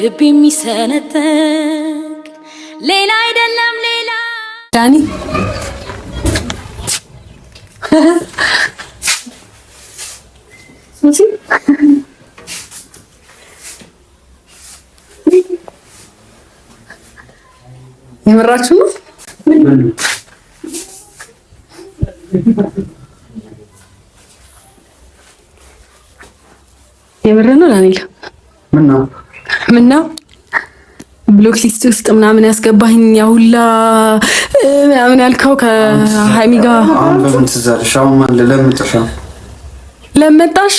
ልብ የሚሰነጠቅ ሌላ አይደለም ሌላ ዳኒ የምራችሁ ነው። የምር ነው ዳንኤል። ህክምና ብሎክሊስት ውስጥ ምናምን ያስገባኝ ያሁላ ምናምን ያልከው ከሀይሚ ጋር ለመጣሽ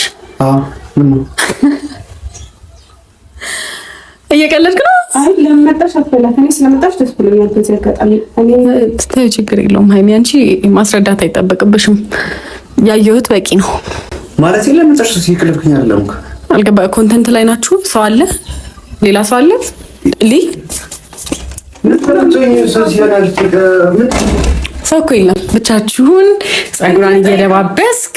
እየቀለድክ ነው። ችግር የለውም ሀይሚ፣ አንቺ ማስረዳት አይጠበቅብሽም። ያየሁት በቂ ነው ማለት ለመጣሽ ሲቀለድክኛ አልገባ ኮንተንት ላይ ናችሁ ሰው አለ ሌላ ሰው አለ ሊ ሰው እኮ የለም። ብቻችሁን ጸጉራን እየደባበስክ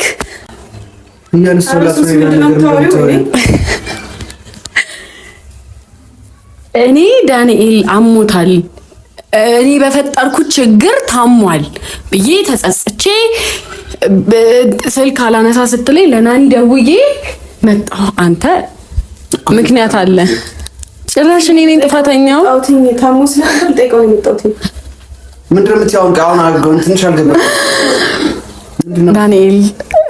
እኔ ዳንኤል አሞታል እኔ በፈጠርኩት ችግር ታሟል ብዬ ተጸጽቼ ስልክ አላነሳ ስትለኝ ለናኒ ደውዬ መጣሁ። አንተ ምክንያት አለ ጭራሽ እኔ ነኝ ጥፋተኛ። ዳንኤል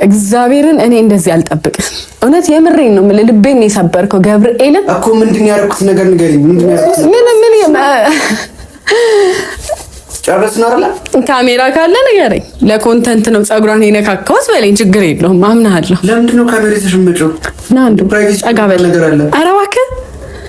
እግዚአብሔርን እኔ እንደዚህ አልጠብቅም። እውነት የምሬን ነው የምልህ፣ ልቤን ነው የሰበርከው። ገብርኤልን እኮ ምንድን ነው ያደረኩት ነገር ንገሪኝ። ካሜራ ካለ ንገረኝ። ለኮንተንት ነው ፀጉሯን የነካካሁት በለኝ። ችግር የለውም አምናለሁ። ለምንድን ነው ካሜራ የተሸመጨው? ና አንዱ ጠጋ በል። ኧረ እባክህ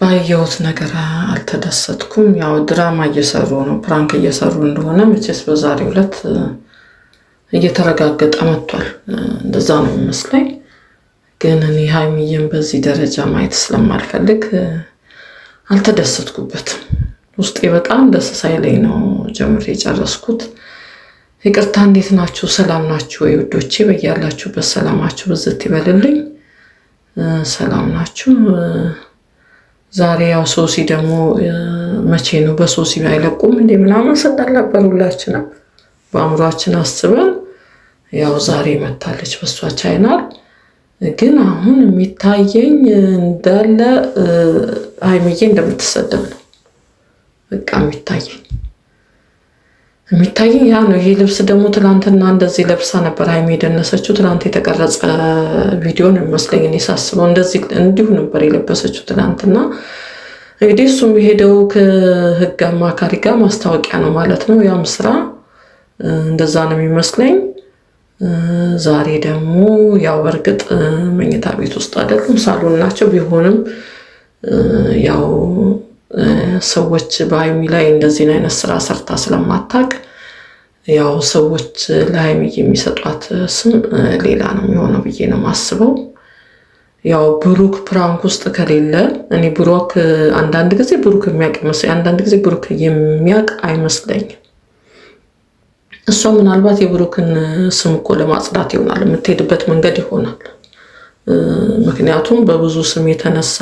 ባየሁት ነገር አልተደሰትኩም። ያው ድራማ እየሰሩ ነው፣ ፕራንክ እየሰሩ እንደሆነ መቼስ በዛሬው ዕለት እየተረጋገጠ መጥቷል። እንደዛ ነው የሚመስለኝ። ግን እኔ ሀይሚዬን በዚህ ደረጃ ማየት ስለማልፈልግ አልተደሰትኩበትም። ውስጤ በጣም ደስ ሳይለኝ ነው ጀምሬ የጨረስኩት። ይቅርታ። እንዴት ናችሁ? ሰላም ናችሁ ወይ ውዶቼ? በያላችሁበት ሰላማችሁ ብዝት ይበልልኝ። ሰላም ናችሁ? ዛሬ ያው ሶሲ ደግሞ መቼ ነው በሶሲ አይለቁም እንዴ ምናምን ስንል ነበር ሁላችንም በአእምሯችን አስበን፣ ያው ዛሬ መታለች በሷ ቻይናል። ግን አሁን የሚታየኝ እንዳለ ሀይሚዬ እንደምትሰደብ ነው በቃ የሚታየኝ። የሚታየኝ ያ ነው። ይሄ ልብስ ደግሞ ትናንትና እንደዚህ ለብሳ ነበር ሀይሚ የደነሰችው። ትናንት የተቀረጸ ቪዲዮ ነው የሚመስለኝ እኔ ሳስበው፣ እንደዚህ እንዲሁ ነበር የለበሰችው ትናንትና። እንግዲህ እሱም የሄደው ከህግ አማካሪ ጋር ማስታወቂያ ነው ማለት ነው። ያም ስራ እንደዛ ነው የሚመስለኝ። ዛሬ ደግሞ ያው በእርግጥ መኝታ ቤት ውስጥ አይደሉም፣ ሳሎን ናቸው። ቢሆንም ያው ሰዎች በሀይሚ ላይ እንደዚህን አይነት ስራ ሰርታ ስለማታቅ ያው ሰዎች ለሀይሚ የሚሰጧት ስም ሌላ ነው የሚሆነው ብዬ ነው የማስበው። ያው ብሩክ ፕራንክ ውስጥ ከሌለ እኔ ብሩክ አንዳንድ ጊዜ ብሩክ የሚያውቅ ይመስለኝ፣ አንዳንድ ጊዜ ብሩክ የሚያውቅ አይመስለኝም። እሷ ምናልባት የብሩክን ስም እኮ ለማጽዳት ይሆናል የምትሄድበት መንገድ ይሆናል። ምክንያቱም በብዙ ስም የተነሳ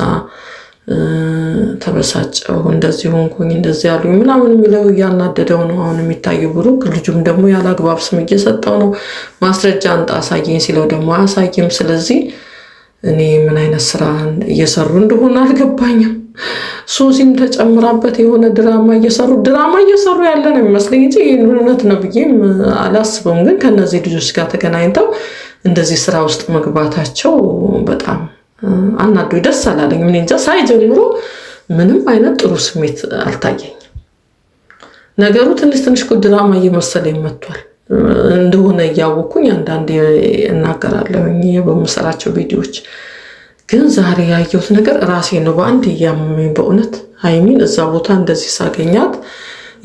ተበሳጨው እንደዚህ ሆንኩኝ፣ እንደዚህ ያሉኝ ምናምን የሚለው እያናደደው ነው አሁን የሚታየው ብሩክ። ልጁም ደግሞ ያለ አግባብ ስም እየሰጠው ነው። ማስረጃ አንጣ አሳየኝ ሲለው ደግሞ አያሳይም። ስለዚህ እኔ ምን አይነት ስራ እየሰሩ እንደሆነ አልገባኝም። ሶሲም ተጨምራበት የሆነ ድራማ እየሰሩ ድራማ እየሰሩ ያለ ነው የሚመስለኝ እንጂ ይህን እውነት ነው ብዬም አላስበውም። ግን ከነዚህ ልጆች ጋር ተገናኝተው እንደዚህ ስራ ውስጥ መግባታቸው በጣም አናዱ ደስ አላለኝ። ምን እንጃ ሳይ ጀምሮ ምንም አይነት ጥሩ ስሜት አልታየኝም። ነገሩ ትንሽ ትንሽ ድራማ እየመሰለኝ መጥቷል እንደሆነ እያወኩኝ አንዳንዴ እናገራለሁኝ በምሰራቸው ቪዲዮዎች። ግን ዛሬ ያየሁት ነገር ራሴ ነው በአንድ እያመመኝ በእውነት ሀይሚን እዛ ቦታ እንደዚህ ሳገኛት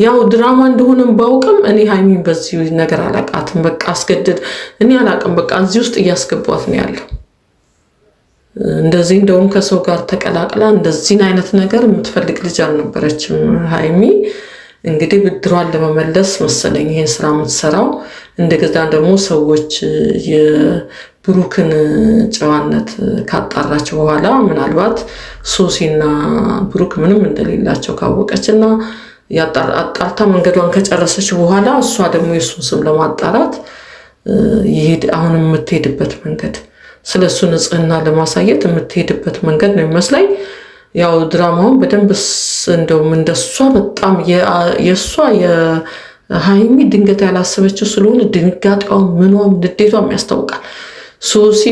ያው ድራማ እንደሆነም ባውቅም እኔ ሀይሚን በዚህ ነገር አላቃትም። በቃ አስገድድ እኔ አላቅም። በቃ እዚህ ውስጥ እያስገቧት ነው ያለው እንደዚህ እንደውም ከሰው ጋር ተቀላቅላ እንደዚህን አይነት ነገር የምትፈልግ ልጅ አልነበረችም ሀይሚ። እንግዲህ ብድሯን ለመመለስ መሰለኝ ይህን ስራ የምትሰራው። እንደገዛ ደግሞ ሰዎች የብሩክን ጨዋነት ካጣራቸው በኋላ ምናልባት ሶሲና ብሩክ ምንም እንደሌላቸው ካወቀች እና አጣርታ መንገዷን ከጨረሰች በኋላ እሷ ደግሞ የእሱን ስም ለማጣራት ይሄድ አሁን የምትሄድበት መንገድ ስለ እሱ ንጽህና ለማሳየት የምትሄድበት መንገድ ነው ይመስላኝ። ያው ድራማውን በደንብ እንደውም እንደሷ በጣም የእሷ የሀይሚ ድንገት ያላሰበችው ስለሆነ ድንጋጤዋም ምኗም ንዴቷም ያስታውቃል። ሶሲ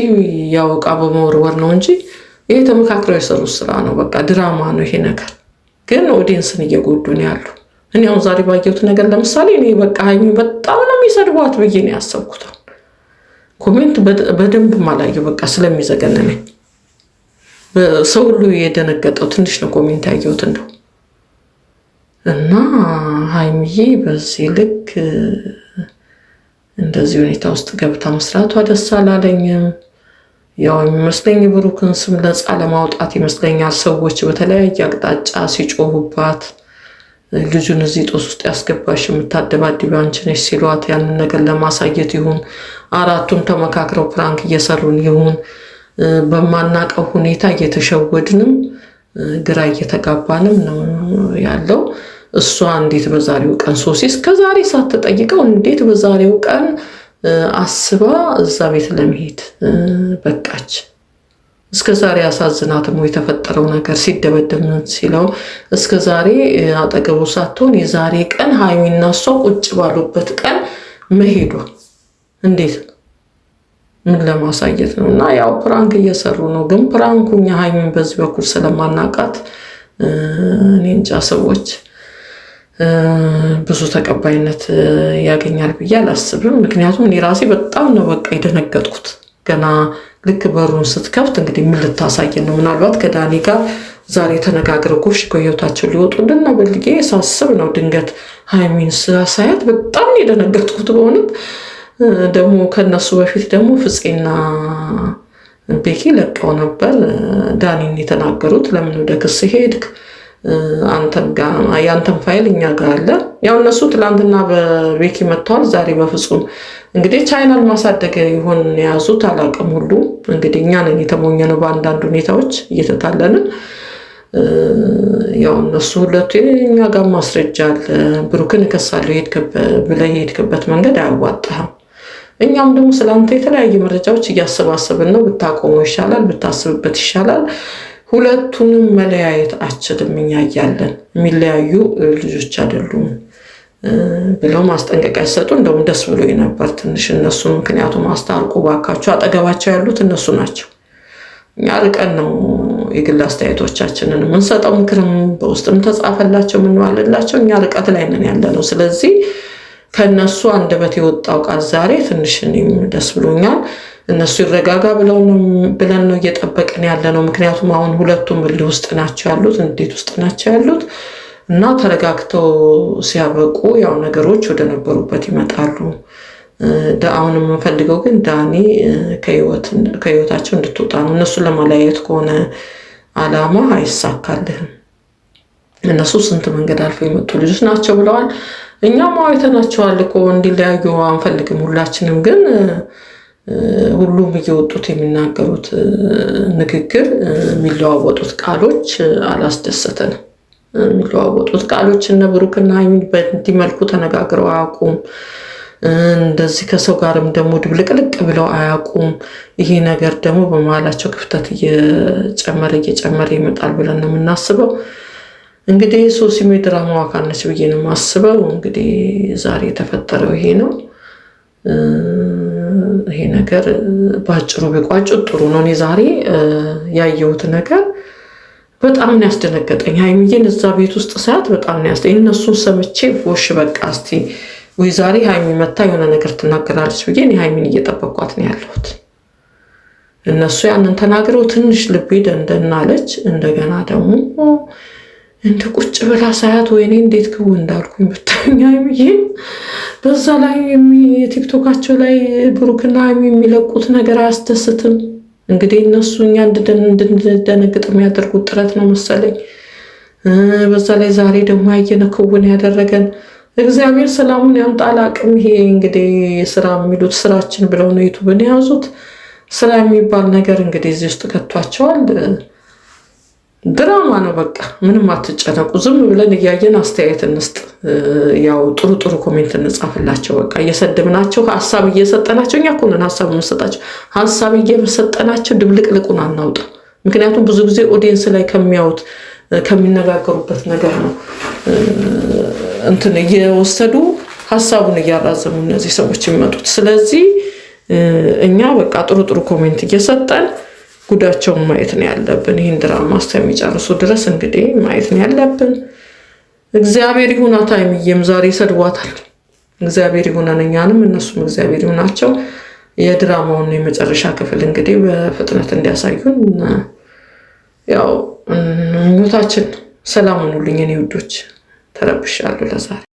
ያው በመወርወር ነው እንጂ ይሄ ተመካክረው የሰሩት ስራ ነው። በቃ ድራማ ነው ይሄ ነገር፣ ግን ኦዲየንስን እየጎዱ ነው ያሉ። እኔ አሁን ዛሬ ባየሁት ነገር ለምሳሌ እኔ በቃ ሀይሚ በጣም ነው የሚሰድቧት ብዬ ነው ያሰብኩት። ኮሜንት በደንብ ማላየው በቃ ስለሚዘገንነኝ ሰው ሁሉ የደነገጠው ትንሽ ነው ኮሜንት ያየሁት እንደው እና ሀይሚዬ በዚህ ልክ እንደዚህ ሁኔታ ውስጥ ገብታ መስራቷ ደስ አላለኝም። ያው የሚመስለኝ ብሩክን ስም ለፃ ለማውጣት ይመስለኛል። ሰዎች በተለያየ አቅጣጫ ሲጮሁባት ልጁን እዚህ ጦስ ውስጥ ያስገባሽ የምታደባድቢ አንቺ ነሽ ሲሏት ያንን ነገር ለማሳየት ይሁን አራቱን ተመካክረው ፕራንክ እየሰሩን ይሁን በማናቀው ሁኔታ እየተሸወድንም ግራ እየተጋባንም ነው ያለው። እሷ እንዴት በዛሬው ቀን ሶሲ እስከ ዛሬ ሳትጠይቀው እንዴት በዛሬው ቀን አስባ እዛ ቤት ለመሄድ በቃች? እስከ ዛሬ አሳዝናትም የተፈጠረው ነገር ሲደበደብ ሲለው እስከ ዛሬ አጠገቡ ሳትሆን የዛሬ ቀን ሀይሚና እሷ ቁጭ ባሉበት ቀን መሄዷ እንዴት ምን ለማሳየት ነው? እና ያው ፕራንክ እየሰሩ ነው። ግን ፕራንኩ እኛ ሀይሚን በዚህ በኩል ስለማናቃት እኔ እንጃ ሰዎች ብዙ ተቀባይነት ያገኛል ብዬ አላስብም። ምክንያቱም እኔ ራሴ በጣም ነው በቃ የደነገጥኩት ገና ልክ በሩን ስትከፍት እንግዲህ ምን ልታሳየን ነው? ምናልባት ከዳኒ ጋር ዛሬ ተነጋግረው ጎሽ ከህይወታቸው ሊወጡ ነው በልጌ ሳስብ ነው ድንገት ሀይሚን ሳያት በጣም የደነገጥኩት በእውነት ደግሞ ከነሱ በፊት ደግሞ ፍፄና ቤኪ ለቀው ነበር። ዳኒን የተናገሩት ለምን ወደ ክስ ሄድክ? የአንተን ፋይል እኛ ጋር አለ። ያው እነሱ ትላንትና በቤኪ መጥተዋል፣ ዛሬ በፍጹም እንግዲህ ቻይናን ማሳደግ ይሆን የያዙት አላውቅም። ሁሉ እንግዲህ እኛ ነን የተሞኘነው በአንዳንድ ሁኔታዎች እየተታለንን ያው እነሱ ሁለቱ እኛ ጋር ማስረጃ አለ። ብሩክን እከሳለሁ ብለህ የሄድክበት መንገድ አያዋጣህም። እኛም ደግሞ ስለአንተ የተለያየ መረጃዎች እያሰባሰብን ነው። ብታቆመው ይሻላል፣ ብታስብበት ይሻላል። ሁለቱንም መለያየት አችልም። እኛ እያለን የሚለያዩ ልጆች አይደሉም ብለው ማስጠንቀቂያ ሲሰጡ እንደውም ደስ ብሎ ነበር ትንሽ እነሱ። ምክንያቱም አስታርቁ ባካቸው፣ አጠገባቸው ያሉት እነሱ ናቸው። እኛ ርቀን ነው የግል አስተያየቶቻችንን የምንሰጠው። ምክርም በውስጥም ተጻፈላቸው የምንዋልላቸው እኛ ርቀት ላይ ነን ያለ ነው። ስለዚህ ከእነሱ አንደበት የወጣው ቃል ዛሬ ትንሽ ደስ ብሎኛል። እነሱ ይረጋጋ ብለን ነው እየጠበቅን ያለ ነው። ምክንያቱም አሁን ሁለቱም እልህ ውስጥ ናቸው ያሉት፣ እንዴት ውስጥ ናቸው ያሉት እና ተረጋግተው ሲያበቁ ያው ነገሮች ወደ ነበሩበት ይመጣሉ። አሁን የምንፈልገው ግን ዳኒ ከህይወታቸው እንድትወጣ ነው። እነሱ ለመለያየት ከሆነ አላማ አይሳካልህም። እነሱ ስንት መንገድ አልፈው የመጡ ልጆች ናቸው ብለዋል። እኛም አይተናቸዋል እኮ እንዲለያዩ አንፈልግም። ሁላችንም ግን ሁሉም እየወጡት የሚናገሩት ንግግር፣ የሚለዋወጡት ቃሎች አላስደሰተንም። የሚለዋወጡት ቃሎች እነ ብሩክና ሀይሚ በእንዲህ መልኩ ተነጋግረው አያውቁም። እንደዚህ ከሰው ጋርም ደግሞ ድብልቅልቅ ብለው አያውቁም። ይሄ ነገር ደግሞ በመሀላቸው ክፍተት እየጨመረ እየጨመረ ይመጣል ብለን ነው የምናስበው። እንግዲህ ሶሲም የድራማ አካል ነች ብዬ ነው የማስበው። እንግዲህ ዛሬ የተፈጠረው ይሄ ነው። ይሄ ነገር በአጭሩ ቢቋጭት ጥሩ ነው። እኔ ዛሬ ያየሁት ነገር በጣም ነው ያስደነገጠኝ። ሀይሚዬን እዛ ቤት ውስጥ ሳያት በጣም ነው ያስ እነሱን ሰምቼ ቦሽ በቃ እስቲ ወይ ዛሬ ሀይሚ መታ የሆነ ነገር ትናገራለች ብዬ እኔ ሀይሚን እየጠበኳት ነው ያለሁት። እነሱ ያንን ተናግረው ትንሽ ልቤ ደንደን እንደገና ደግሞ እንደ ቁጭ ብላ ሳያት ወይኔ እንዴት ክው እንዳልኩኝ ብታኛ ይሄ በዛ ላይ የቲክቶካቸው ላይ ብሩክና የሚለቁት ነገር አያስደስትም። እንግዲህ እነሱ እኛ እንድንደነግጥ የሚያደርጉት ጥረት ነው መሰለኝ። በዛ ላይ ዛሬ ደግሞ ያየነ ክውን ያደረገን እግዚአብሔር ሰላሙን ያምጣል። አቅም ይሄ እንግዲህ ስራ የሚሉት ስራችን ብለው ነው ዩቱብን የያዙት። ስራ የሚባል ነገር እንግዲህ እዚህ ውስጥ ከቷቸዋል። ድራማ ነው በቃ ምንም አትጨነቁ። ዝም ብለን እያየን አስተያየት እንስጥ። ያው ጥሩ ጥሩ ኮሜንት እንጻፍላቸው። በቃ እየሰድብናቸው ሀሳብ እየሰጠናቸው እኛ ኮንን ሀሳብ የምንሰጣቸው ሀሳብ እየሰጠናቸው ድብልቅልቁን አናውጣ። ምክንያቱም ብዙ ጊዜ ኦዲየንስ ላይ ከሚያዩት ከሚነጋገሩበት ነገር ነው እንትን እየወሰዱ ሀሳቡን እያራዘሙ እነዚህ ሰዎች የሚመጡት። ስለዚህ እኛ በቃ ጥሩ ጥሩ ኮሜንት እየሰጠን ጉዳቸውን ማየት ነው ያለብን። ይህን ድራማ እስከሚጨርሱ ድረስ እንግዲህ ማየት ነው ያለብን። እግዚአብሔር ይሁና ታይምዬም ዛሬ ይሰድቧታል። እግዚአብሔር ይሁናን እኛንም እነሱም እግዚአብሔር ይሁናቸው። የድራማውን የመጨረሻ ክፍል እንግዲህ በፍጥነት እንዲያሳዩን ያው ምኞታችን። ሰላም ሁኑልኝ እኔ ውዶች፣ ተረብሻለሁ ለዛሬ።